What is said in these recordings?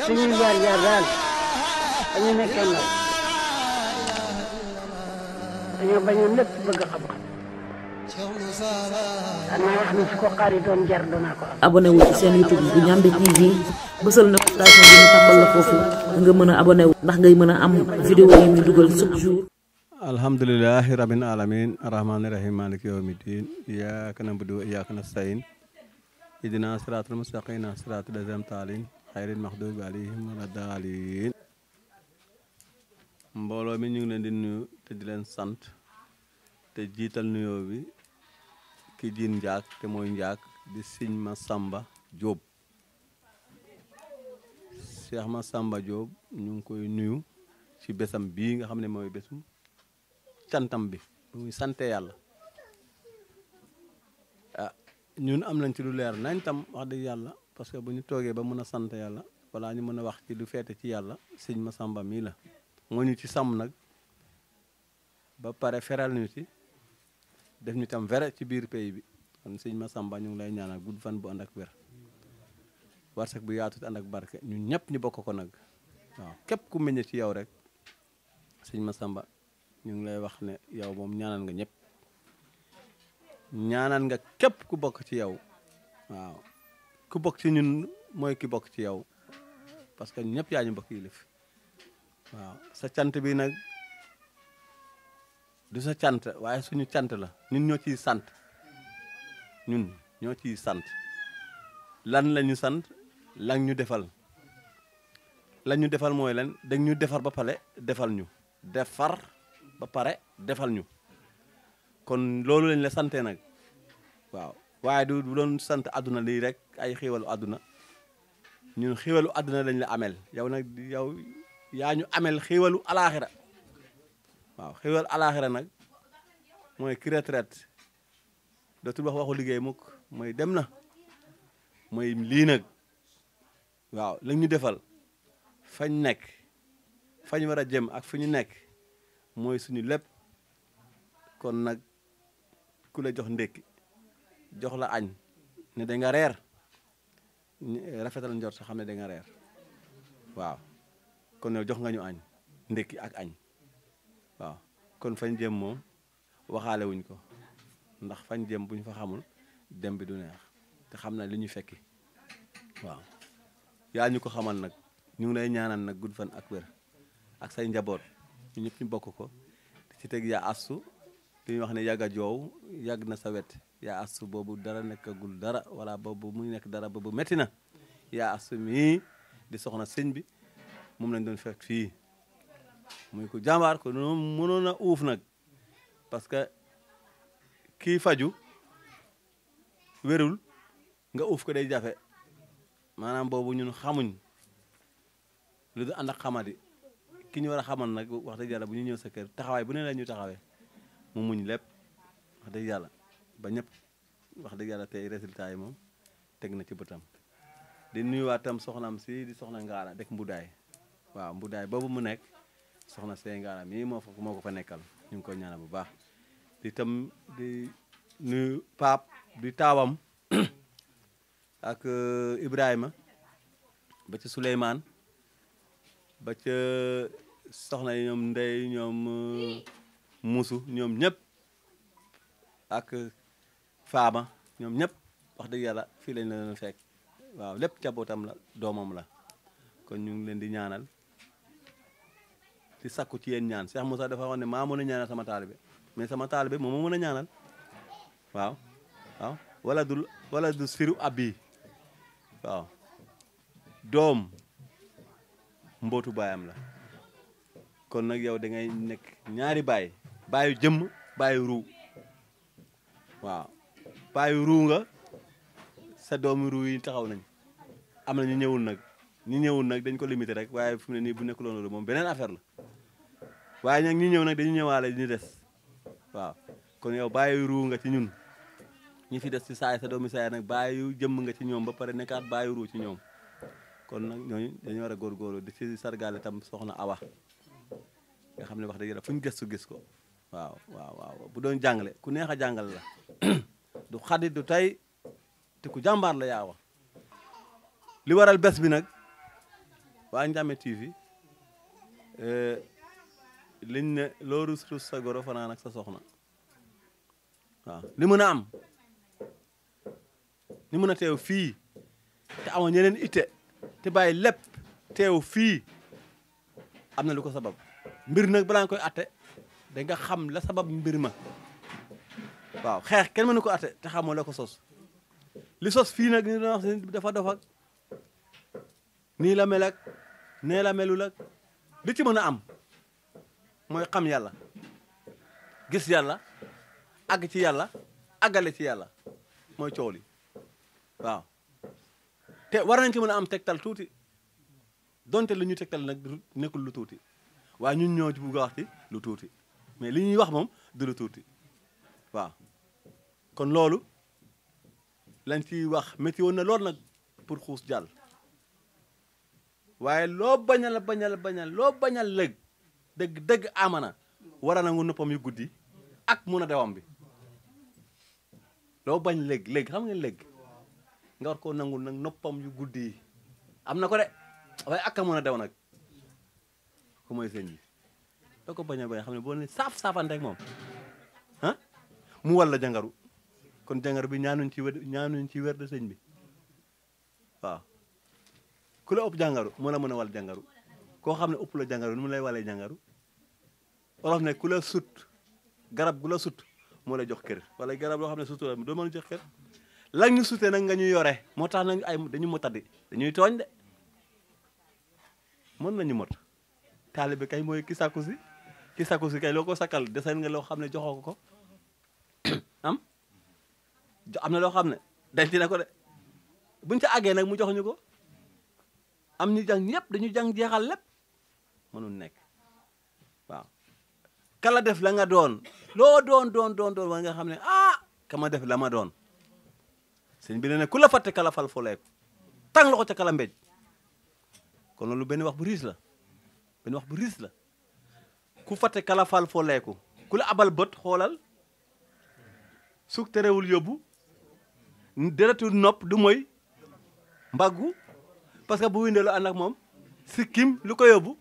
Sehingga jalan Penyemekana Penyemekana Penyemekana abonné wu ci seen youtube bu ñambe tv na ñu la fofu nga mëna abonné wu ndax ngay mëna am vidéo yi ñu duggal chaque jour alhamdulillah rabbil alamin arrahman arrahim yawmiddin ya, ya, siratal mustaqim siratal ladzina xayril maxduubi alayhim wala daaliin mbooloo mi ñu ngi leen di nuyu te di leen sant te jiital nuyoo bi ki jiin njaag te mooy njaag di sëñ ma sàmba jóob seex ma sàmba jóob ñu ngi koy nuyu ci besam bii nga xam ne mooy bésu cantam bi muy sante yàlla ah ñun am nañ ci lu leer nañ tam wax dëgg yàlla parce que buñu togué ba mëna sante yalla wala ñu mëna wax ci lu fété ci yàlla ma samba mi la mo ñu ci sam nak ba pare feral ñu ci def ñu tam were ci biir pays bi kon ma samba ñu ngi lay ñaanal gudd fan bu andak ak warsak bu yaatu andak barke ñun ñëpp ñu bokk ko nak waaw képp ku meñ ci yow rek ma samba ñu ngi lay wax ne yow mom ñaanal nga ñep ñaanal nga képp ku bokk ci yow waaw ku bokk ci ñun mooy ki bokk ci yow parce que ñëpp yaa ñu bokk yilif waaw sa cant bii nag du sa cant waaye suñu cant la ñun ñoo ciy sant ñun ñoo ciy sant lan lañu sant lan ñu defal lan ñu defal mooy lan dañ ñu defar ba pare defal ñu defar ba pare defal ñu kon loolu lañ la santee nag waaw waaye du doon sant àdduna lii rek ay xéewalu àdduna ñun xéewalu àdduna lañ la amel yow nag yow yaa ñu amel xéewalu alaaxira waaw xéewal alaaxira nag mooy ki retraite dootul wax waxu liggéey mukk mooy dem na mooy lii nag waaw lañ ñu defal fañ nekk fañ war a jëm ak fu ñu nekk mooy suñu lépp kon nag ku la jox ndékki jox la agn ne de nga rer eh, rafetal njort sa xamne de nga rer waaw kon jox nga ñu agn ndek ak agn waaw kon fañ dem mom waxale wuñ ko ndax fañ dem buñ fa xamul dem bi du neex te xamna liñu fekki waaw ya ñu ko xamal nak ñu lay ñaanal nak gudd fan ak wër ak say njabot ñu ñëpp ñu bokk ko ci teg ya asu li wax ne yaga jow yag na sa yaa astu boobu dara nekkagul dara wala boobu mu nekk dara boobu métti na yaa astu mii di soxna sëñ bi moom lañ doon fekk fii muy ko jàmbaar ko noonu mënoon a uuf nag parce que kii faju wérul nga uuf ko day jafe maanaam boobu ñun xamuñ lu du ànd ak xamadi ki ñu war a xamal nag wax dëgg yàlla bu ñu ñëw sa kër taxawaay bu ne la ñu taxawee mu muñ lépp wax dëgg yàlla ba ñëpp wax dëgg yàlla tey résultat yi moom teg na ci bëtam di nuyuwaat tam soxnaam si di soxna ngaara dëkk mbudaay waaw mbudaay boobu mu nekk soxna see ngaara mii moo fa moo ko fa nekkal ñu ngi koy ñaanal bu baax di tam di nuyu paap di taawam ak euh, ibrahima ba ci souleyman ba ca euh, soxna yi ñoom ndey ñoom euh, muusu ñoom ñëpp ak faama ñoom ñëpp wax dëgg yàlla fii lañ leen fekk waaw lépp jabootam la doomam la kon ñu ngi leen di ñaanal di sakku ci yéen ñaan Cheikh Moussa dafa wax ne maa mën a ñaanal sama taalibe mais sama taalibe moom moo a ñaanal waaw waaw du siru abi waaw doom mbootu baayam la kon nag yow dangay nekk ñaari baay baayu jëmm baayu ruu waaw paa yu ruu nga sa doom ruu yi taxaw nañ am na ñu ñëwul nag ñu ñëwul nag dañ ko limité rek waaye fum ne nii bu nekk woon loolu moom beneen affaire la waaye nag ñi ñëw nag dañu ñëwaale ñu des waaw kon yow bàyyi ruu nga ci ñun ñi fi des ci saay sa doom saay nag bàyyi jëmm nga ci ñoom ba pare nekkaat bàyyi ruu ci ñoom kon nag ñooñu dañu war a góorgóorlu di ci sargaale tam soxna Awa nga xam ne wax dëgg yàlla fu ñu gëstu gis ko waaw waaw waaw bu doon jàngale ku neex a jàngale la du xaddi du tay te ku jàmbaar la yaawa li waral bés bi nag waa Ndiamé TV eh, liñ ne loo rus rus sa goro fanaan sa soxna li mën a am ni mën a teew fii te amoon ñeneen itte te bàyyi lépp teew fii am na lu ko sabab mbir nag balaa nga koy atte da nga xam la sabab mbir ma waaw xeex kenn mënu ko atte te xamoo la ko sos li sos fii nag ni doon wax dafa dof ak nii la mel ak nee la melu ak li ci mën a am mooy xam yàlla gis yàlla àgg ci yàlla àggale ci yàlla mooy coow li waaw te war nañ ci mën a am tegtal tuuti donte li ñuy tegtal nag nekkul lu tuuti waaye ñun ñoo bugg a wax lu tuuti mais li ñuy wax moom du lu tuuti waaw kon loolu lañ fi wax métti woon na lool nag pour xuus jàll waaye loo bañal bañal bañal loo bañal lëg dëgg dëgg amana war a nangu noppam yu guddi ak mun a bi loo bañ lëg lëg xam nga lëg nga war koo nangul yu guddi yi am na ko de waaye ak a mun a dew nag ku mooy sëñ bi doo ko bañal bañal xam ne boo ne saaf saafante ak moom ah, mu walla jangaru kon jàngar bi ñaanuñ ci wér ñaanuñ ci wer de sëñ bi waaw ku la ëpp jàngaru moo la mën a wal jàngaru koo xam ne ëpp la jàngaru nu mu lay walee jàngaru wolof ne ku la sut garab gu la sut moo la jox kër wala garab loo xam ne sutu la doo mën jox kër lan ñu sutee nag nga ñu yore moo tax nag ay dañu mot a di dañuy tooñ de mën nañu mot taalibe kay mooy ki sàkku si ki sàkku si kay loo ko sakkal deseen nga loo xam ne joxoo ko am na loo xam ne denc na ko de buñ ca àggee nag mu jox ñu ko am ñu jàng ñëpp dañu jàng jeexal lépp mënul nekk waaw kala def la nga doon loo doon doon doon doon war nga xam ne ah kama def la ma doon sëñ bi ne ne ku la fàtte kala fal foleeku tàng loxo ca kala mbéj kon loolu benn wax bu riis la benn wax bu riis la ku fatte kala fal foleeku ku la abal bët xoolal su terewul yóbbu deretu nopp du mooy mbaggu parce que bu windee lu ànd ak moom sikkim lu ko yóbbu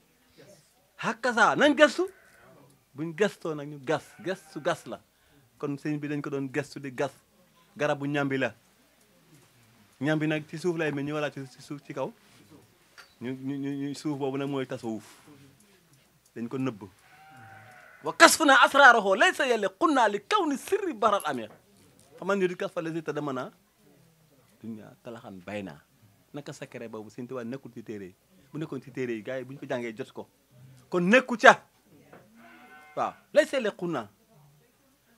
xakkasaa nañ gestu buñ gestoo nag ñu gas gestu gas la kon sëñ bi dañ ko doon gestu di gas garabu ñambi la ñambi nag ci suuf lay mel ñu walla ci suuf ci kaw ñu ñu suuf boobu nag mooy tasawuf dañ ko nëbb wa kas fu naa asraarahoo lay sa yelle xun naa li kaw ni sirri baral amee famandirit kas fa lasita dama naa duñaa talaxan bay naa naka secret boobu Sëñ Tuubaa nekkul ci téere bu nekkoon ci téere yi gars yi bu ñu ko jàngee jot ko kon nekku ca waaw lay seetle xun naa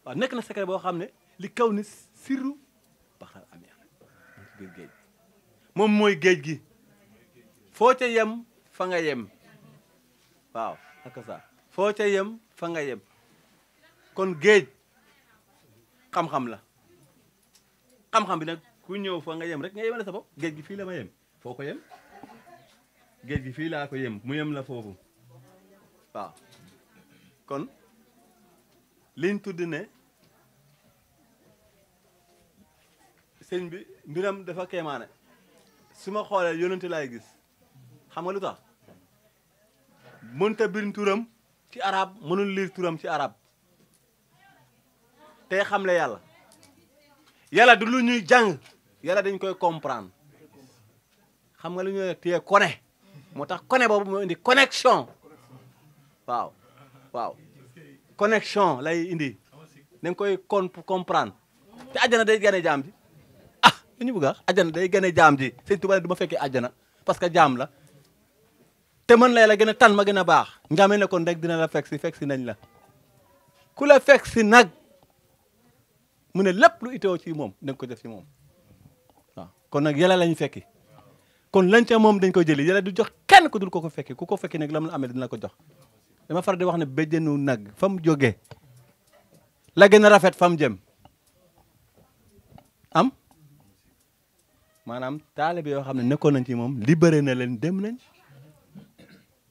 waaw nekk na secret boo xam ne li kaw ni sirru baxal amee ci biir géej mooy géej gi foo ca yem fa nga yem waaw foo ca yem fa nga yem kon géej xam-xam la xam-xam bi nag ku ñëw fa nga yem rek nga yemale sa bopp géej gi fii la ma yem foo ko yem géej gi fii laa ko yem mu yem la foofu waaw kon liñ tudd ne sëñ bi mbiram dafa kéemaane su ma xoolee yonente laay gis xam nga lu tax mënta bind turam ci arab mënul liir turam ci arab te xam xamle yàlla yalla du lu ñuy jàng dañ koy comprendre xam nga lu ñuy téye kone moo tax kone indi connexion waaw waaw connexion lay indi da comprendre té day ah ñu bëgg a day gane comprendre. Ah, ji sëñ Tuubaa du ma fekkee parce que la té man lay la gën tan ma gën baax nga ne kon rek dina la fekk si nañ la ku la fekk mu ne lépp lu itoo ci moom da ko def ci moom waaw kon nag yàlla lañu fekki kon lañ ca moom dañ ko jëli yàlla du jox kenn ku dul ko ko fekki ku ko fekki ne lam la amee dina ko jox dama far di wax ne béjjënu nag fa mu la gën a rafet fa mu jëm am maanaam taalibe yoo xam ne nekkoon nañ ci moom libéré na leen dem nañ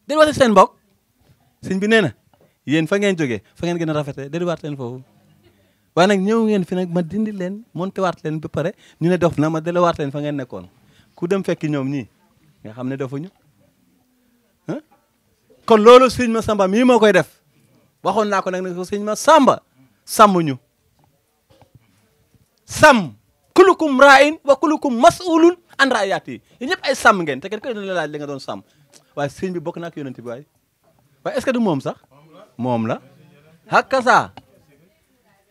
delluwaat seen mbokk sëñ bi nee na yen fa ngeen jógee fa ngeen gën a rafetee delluwaat leen foofu waaye nag ñëw ngeen fi nag ma dindi leen monté waat leen ba pare ñu ne dof na ma delewaat leen fa ngeen nekkoon ku dem fekki ñoom ñii nga xam ne dofuñu ah? kon loolu sëñ ma samba mii moo koy def waxoon naa ko nag ne ko sëñ ma samba sàmm ñu sàmm kulukum raayin wa kulukum masulun an raayaat yi yéen ñëpp ay sàmm ngeen te kenn koy la laaj li nga doon sàmm waaye sëñ bi bokk naa ak ti bi waaye waaye est moom sax moom la hakka saa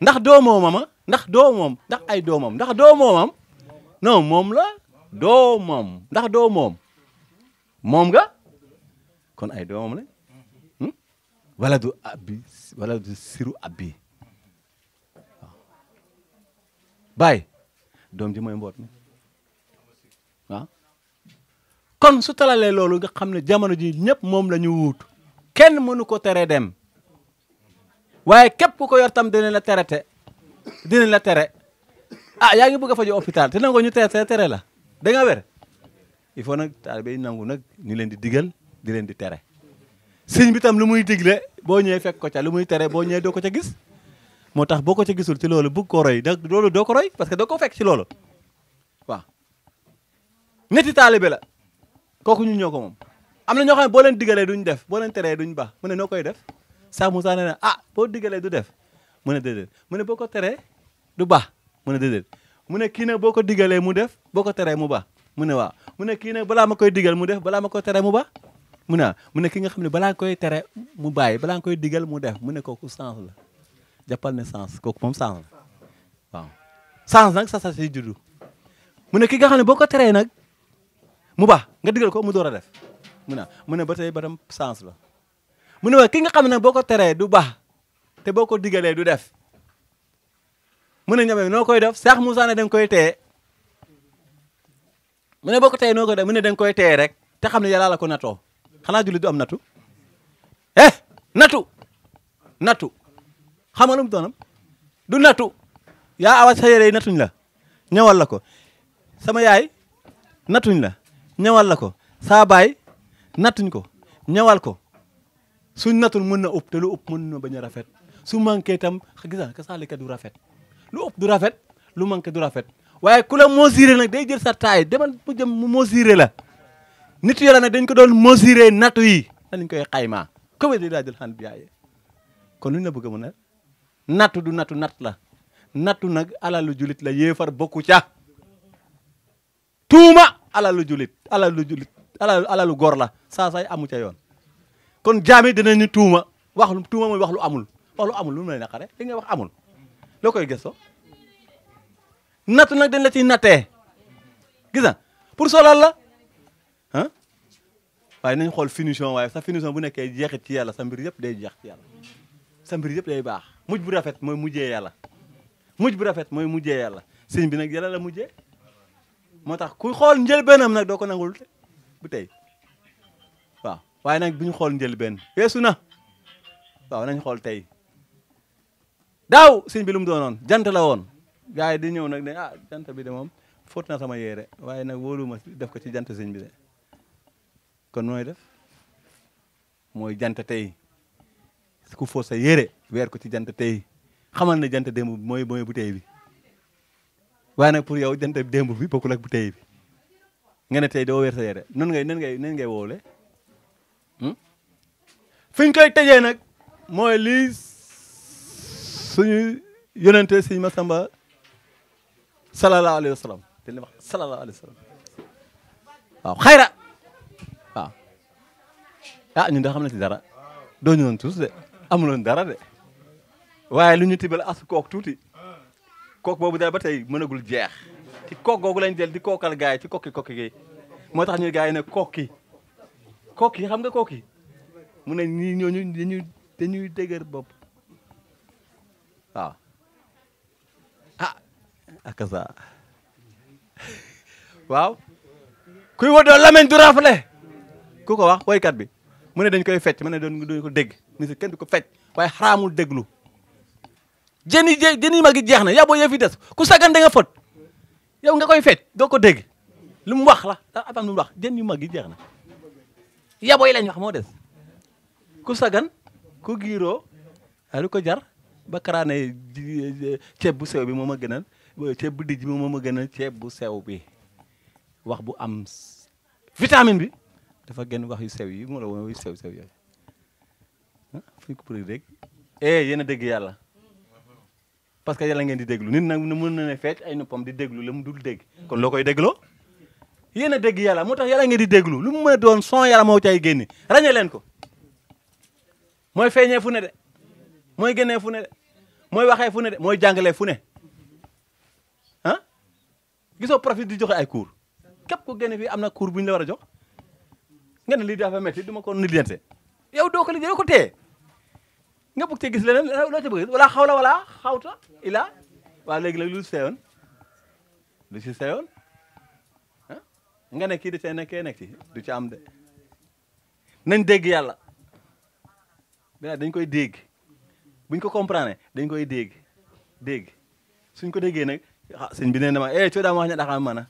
ndax doo moomam ndax doo moom ndax ay doomam ndax doo moom la doom moom ndax doo moom moom nga kon ay doom la hmm? wala du abbi wala du siru abbi waaw doom ji mooy mboot mi kon su talalee loolu nga xam ne jamono ji ñëpp moom la ñu wuut kenn mënu ko tere dem waaye képp ku ko yor tam dinañ la tere te dinañ la tere ah yaa ngi bëgg a faju hôpital te nangoo ñu tere tere la da nga wér il faut nag taalibe yi nangu nag ñu leen di digal di leen di tere sëñ bi tam lu muy digle boo ñëwee fekk ko ca lu muy tere boo ñëwee doo ko ca gis moo tax boo ko ca gisul ci loolu bëgg ko roy da loolu doo ko roy parce que doo ko fekk ci loolu waaw ñetti taalibe la kooku ñun ñoo ko moom am na ñoo xam boo leen digalee duñ def boo leen teree duñ baax mu ne noo koy def Cheikh Moussa nee na ah boo diggalee du def mu ne déedéet mu ne boo ko teree du baax mu ne déedéet mu ne kii nag boo ko diggalee mu def boo ko teree mu baax mu ne waaw mu ne kii nag balaa ma koy diggal mu def balaa ma koy teree mu baax mu ne mu ne ki nga xam ne balaa koy tere mu bàyyi balaa koy diggal mu def mu ne kooku sens la jàppal ne sens kooku moom sens waaw sens nag sa sa mu ne ki nga xam ne boo ko teree nag mu baax nga diggal ko mu door a def mu ne mu ne ba tey ba tam la mu ne ma ki nga xam ne boo ko teree du baax te boo ko digalee du def mun ne ñebe bi noo koy def Cheikh Moussa ne da nga koy téye mu ne boo ko téye noo koy def mu ne da koy téye rek te xam ne yàlla la ko natoo xanaa jullit du am natu eh natu nattu xam nga lu doonam du natu yaa awa sa yére yi natuñ la ñëwal la ko sama yaay natuñ la ñëwal ko saa baay ko ñëwal ko suñ natul mën na ëpp te lu ëpp mën na bañ rafet su manqué itam gis nga kasaalika du rafet lu ëpp du rafet lu manqué du rafet waaye ku la mesuré nag na jël sa taay demal mu jëm mu mesuré la nit yàlla na dañ ko doon mesuré natu yi dañ koy xaymaa comme day daa jël xan biyaayee kon luñ la bëgg a mën a natu du nattu natt la nattu nag alalu julit la yéefar bokku ca tuuma alalu julit alalu julit alalu alalu gor la saa saay amu ca yoon kon jaami dinañu tuuma wax lu tuuma mooy wax lu amul wax lu amul lu mu lay naqare li nga wax amul loo koy gëstoo nag dañ la ciy nattee gis nga pour solal la ah waaye nañ xool finition waaye sa finition bu nekkee jeexit ci yàlla sa mbir yëpp day jeex ci yàlla sa mbir yëpp day baax mujj bu rafet mooy mujjee yàlla mujj bu rafet mooy mujjee yàlla sëñ bi nag yàlla la mujjee moo tax ku xool njëlbeenam nag doo ko nangul bu waaye nag duñ xool njëlbeen weesu na waaw nañ xool tey daaw sëñ bi lu mu doonoon jant la woon gars yi di ñëw nag ne ah jant bi de moom fóot na sama yére waaye nag wóoluma def ko ci jant sëñ bi de kon nooy def mooy jant tey ku fóot sa yére weer ko ci jant tey xamal ne jant démb bi mooy mooy bu tey bi waaye nag pour yow jant démb bi bokkul ak bu tey bi nga ne tey doo weer sa yére nan ngay nan ngay nan ngay woole Hmm? fi ñu koy tëjee nag mooy lii suñu yonente si Masamba sallallahu alayhi wa sallam te li wax sallallahu alayhi wa sallam waaw xayra waaw ah da xam na ci dara doo woon tous de amuloon dara de waaye lu ti tibal as kook tuuti kook boobu daa ba tey mënagul jeex ti kook googu lañ jël di kookal gars yi ci kokki kokki gi moo tax ñu gars yi ne kokki Koki, xam nga koki yi mu ne nii ñooñu dañuy dañuy waaw ah ak sa waaw kuy wadoo lamen du rafle ku ko wax kat bi mu ne dañ koy fecc mu ne doon duñ ko dégg ci kenn du ko fecc waaye haramul déglu jeni jeni jën Kusakan mag yi jeex na yaa boo doko yi des ku sagan da nga magi yow nga koy fecc do ko dégg lu wax la am lu wax jeni yaboy lañ wax moo des ku sagan ku giiroo lu ko jar ba karaane ceeb bu sew bi moom a gënal ceeb bu dijj bi moom a gënal ceeb bu sew bi wax bu am vitamine bi dafa gën wax yu sew yi moo la woon yu sew sew yooyu ah, fu ñu ko puri rek eh yéen a dégg yàlla parce que yàlla ngeen di déglu nit nag mën na ne fecc ay noppam di déglu la mu dul dégg kon loo koy dégloo yéen a dégg yàlla moo tax yàlla ngeen di déglu lu mu mën doon son yàlla moo cay génne ràññee leen ko mooy feeñee fu ne de mooy génnee fu ne de mooy waxee fu ne de mooy jàngalee fu ne ah gisoo profit di joxe ay cours képp ku génne fii am na cours bu ñu la war a jox nga ne lii dafa métti du ma ko nidiyante yow doo ko liggéey ko téye nga bëgg cee gis leneen loo ca bëgg wala xawla wala xawta ila waa léegi la lu seyoon lu si seyoon nga ne kii di see nekkee nekk ci du ci am de nañ dégg yàlla bilaay dañ koy dégg buñ ko comprendre dañ koy dégg dégg suñ ko déggee nag ah sëñ bi nee na ma eh coo daam wax ña daxaa mana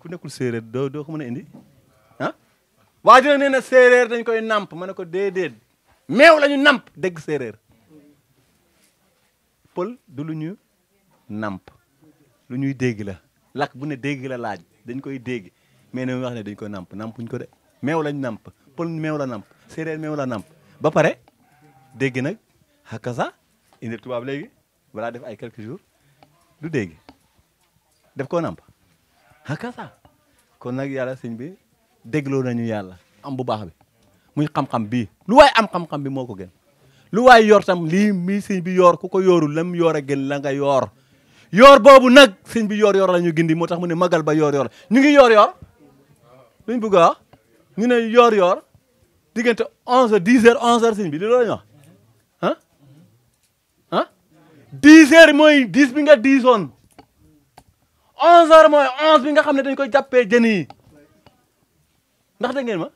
ku nekkul séeréer doo doo ko mën a indi ah waa ji nee na séeréer dañ koy namp ma ne ko déedéet meew la ñu namp dégg séeréer pël du lu ñu namp lu ñuy dégg la làkk bu ne dégg la laaj dañ koy dégg mais na wax ne dañ ko namp nampuñ ko de meew lañ namp pël meew la namp séeréer meew la namp ba pare dégg nag xakasa indi tubaab léegi balaa def ay quelques jours du dégg def koo namp xakasa kon nag yàlla sëñ bi dégloo nañu yàlla am bu baax bi muy xam-xam bii lu waay am xam-xam bi moo ko gën lu waay yor tam lii mii sëñ bi yoor ku ko yooru lam yoor a gën la nga yoor yoor boobu nag sëñ bi yoor yoor la ñu gindi moo tax mu ne magal ba yoor yoor ñu ngi suñ bëgg ñu ne yoor yoor diggante onze heures dix heures onze heures bi di loolu ñu wax ah mooy dix bi nga diisoon onze heures mooy onze bi nga xam ne dañ koy jàppee jën yi ndax dégg ngeen ma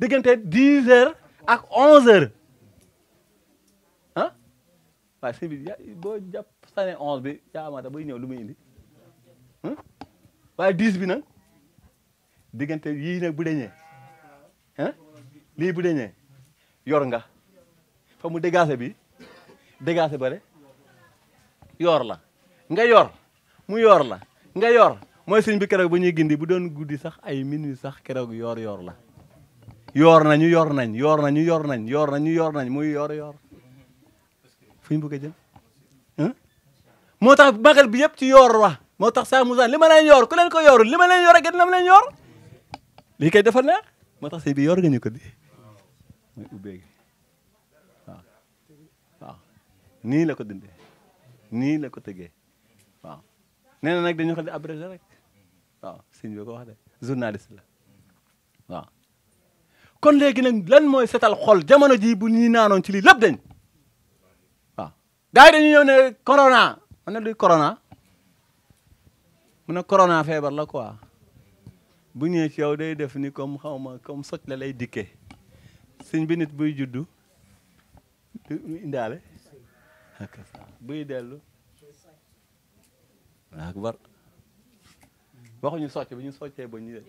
diggante dix heures ak onze heures ah waaye sëñ bi boo jàpp sane onze bi yaa amata buy ñëw lu muy indi waaye dix bi nag diggante yii nag bu deñee lii bu deñee yor nga fa mu dégagé bi dégagé bare yor la nga yor mu yor la nga yor mooy sëñ bi keroog ba ñuy gindi bu doon guddi sax ay minuit sax keroog yor yor la yoor nañu yor nañ yor nañu yor nañ yor nañu yor nañ muy yor yor fu ñu bëgg a jëm moo tax magal bi yëpp ci yor wa moo tax saa musaan li ma leen yor ku leen ko yorul li ma yor a gën lam leen yor lii kay dafa neex moo tax sëy bi yor nga ñu ko di nii la ko dindee nii la ko tëggee waaw nee na nag dañu xam ne abrégé rek waaw sëñ ko wax de journaliste la waaw kon léegi nag lan mooy setal xol jamono ji bu ñuy naanoon ci lii lépp dañ waaw gars yi dañu ñëw ne corona man ne luy corona mu ne corona feebar la quoi bu ñëwee ci yow day def ni comme xaw ma comme soj la lay dikkee sëñ bi nit buy juddu indaale buy dellu akbar waxuñu socc bi ñu soccee ba ñu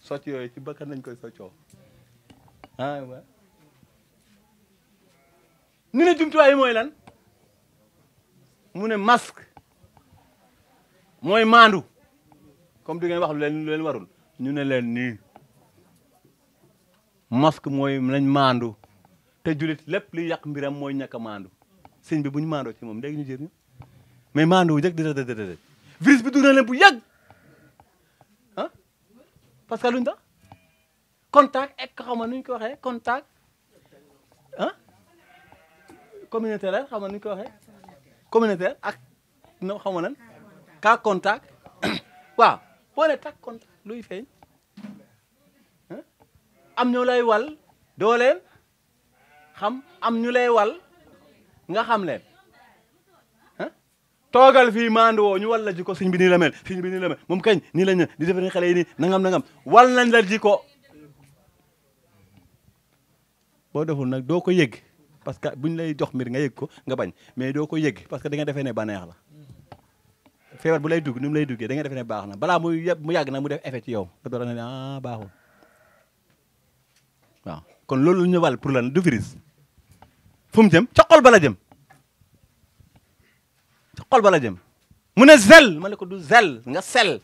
socc yooyu ci bakkan lañ koy soccoo ah wa ñu ne jumtuwaay yi mooy lan mu ne masque mooy maandu comme di ngeen wax lu leen lu leen warul ñu ne leen nii masque mooy nañ maandu te julit lépp li yàq mbiram mooy ñàkk a maandu sëñ bi bu ñu maandoo ci moom léegi ñu jëriñu mais maandu wu jëkk dëdë dëdë dëdë virus bi dugg na leen bu yàgg ah parce que luñu tax contact ek xaw ma nu ñu ko waxee contact ah communautaire xaw ma nu ñu ko waxee communautaire ak no xaw ma nan contact waaw boo ne tak contact luy feeñ am ñu lay wal doo leen xam am ñu lay wal nga xam leen toogal fii maandu woo ñu wal la jiko sëñ bi nii la mel sëñ bi nii la mel moom kañ nii la ñu di defar xale yi nii nangam nangam wal nañ la jiko boo deful nag doo ko yëg parce que buñ lay jox mbir nga yëg ko nga bañ mais doo ko yëg parce que da nga defee ne baneex la feebar bu lay dugg ni mu lay duggee da nga defee ne baax na balaa muy mu yàgg na mu def effet ci yow nga door a ah, waaw kon loolu ñu wàll pour lan du virus fu mu jëm ca xol bala jem ca xol bala jëm mu ne zel ma ne ko du zel nga sel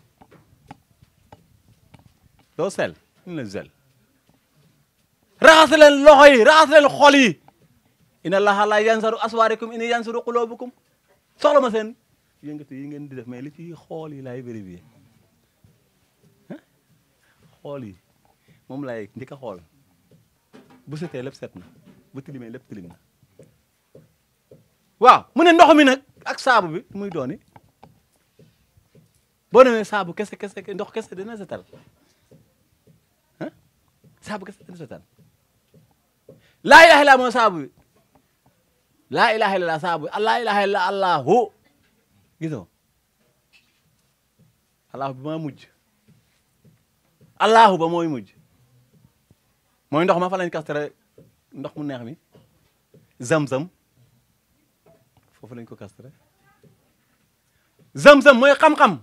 doo sel ñu ne zel raxas leen loxo yi raxas leen xol yi ina laha la yansaru aswaarikum ina yansaru qulubukum soxla ma seen yëngatu yi ngeen di def mais li ci xool yi laay vérifier xool yi moom lay njëkk a xool bu setee lépp set na bu tilimee lépp tilim na waaw mu ne ndox mi nag ak saabu bi muy dooni boo demee saabu kese kese ndox kese dina setal ah saabu kese dina setal laa ilaha illa mooy saabu bi laa ilaha illa saabu bi laa ilaha illa allahu gisoo allahu bi maa mujj allahu ba mooy mujj mooy ndox ma fa lañ kastere ndox mu neex mi zam-zam foofu lañ ko kastere zam-zam mooy xam-xam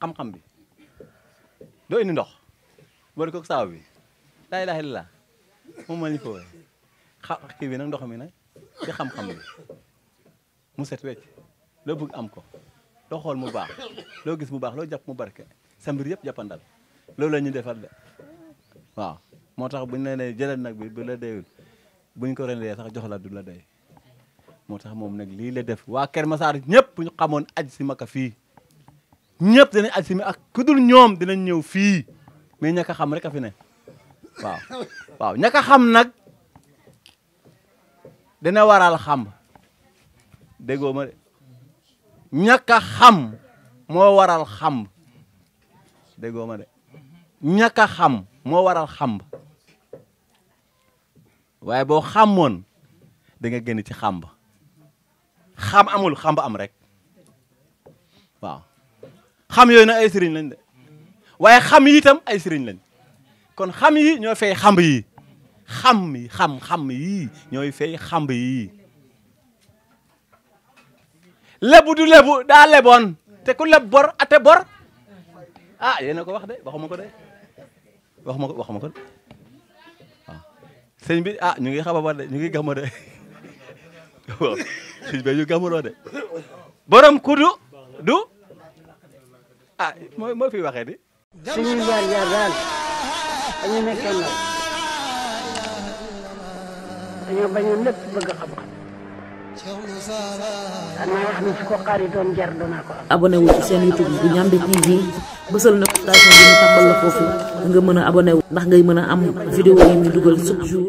xam-xam bi doo indi ndox boole ko saabu bi laa ilaha illallah moom ma ñu ko kii bi nag ndox mi nag ci xam-xam bi mu set wecc loo bëgg am ko loo xool mu baax loo gis mu baax loo jàpp mu barke sa mbir yëpp jàppandal loolu la ñu defal de waaw moo tax buñ la nee jëlal nag bi bu la deewul buñ ko rendee sax jox la dula la moo tax moom nag lii la def waa Kër Massar ñëpp ñu xamoon aj si maka fii ñëpp dinañ aj si mi ak ku dul ñoom dinañ ñëw fii mais ñaka xam rek a fi ne waaw waaw xam nag dina waral xam déggoo ma de ñaka xam moo waral xam déggoo ma de ñaka xam moo waral xam waaye boo xàmmoon da nga génn ci xàmb xam amul xàmb am rek waaw xam na nag ay sëriñ lañ de waaye xam yi itam ay sëriñ lañ kon xam yi ñoo fay xamb yi xam yi xam-xam yii ñooy fay xamb yii lebu du lebu daa leboon te ku leb bor ate bor ah yéena ko wax de waxuma ko de waxuma waxuma ko sëñ bi ah ñu ngi ba de ñu ngi gàmmu de waaw bi ñu gàmmu de borom kudu du ah mo mo fi waxee di suñu jaar jaar ya, dal ñu nekk na ñu bañu nepp bëgg xam-xam wu ci seen youtube bu TV na station bi ñu la nga ndax ngay am vidéo yi ñu dugal chaque jour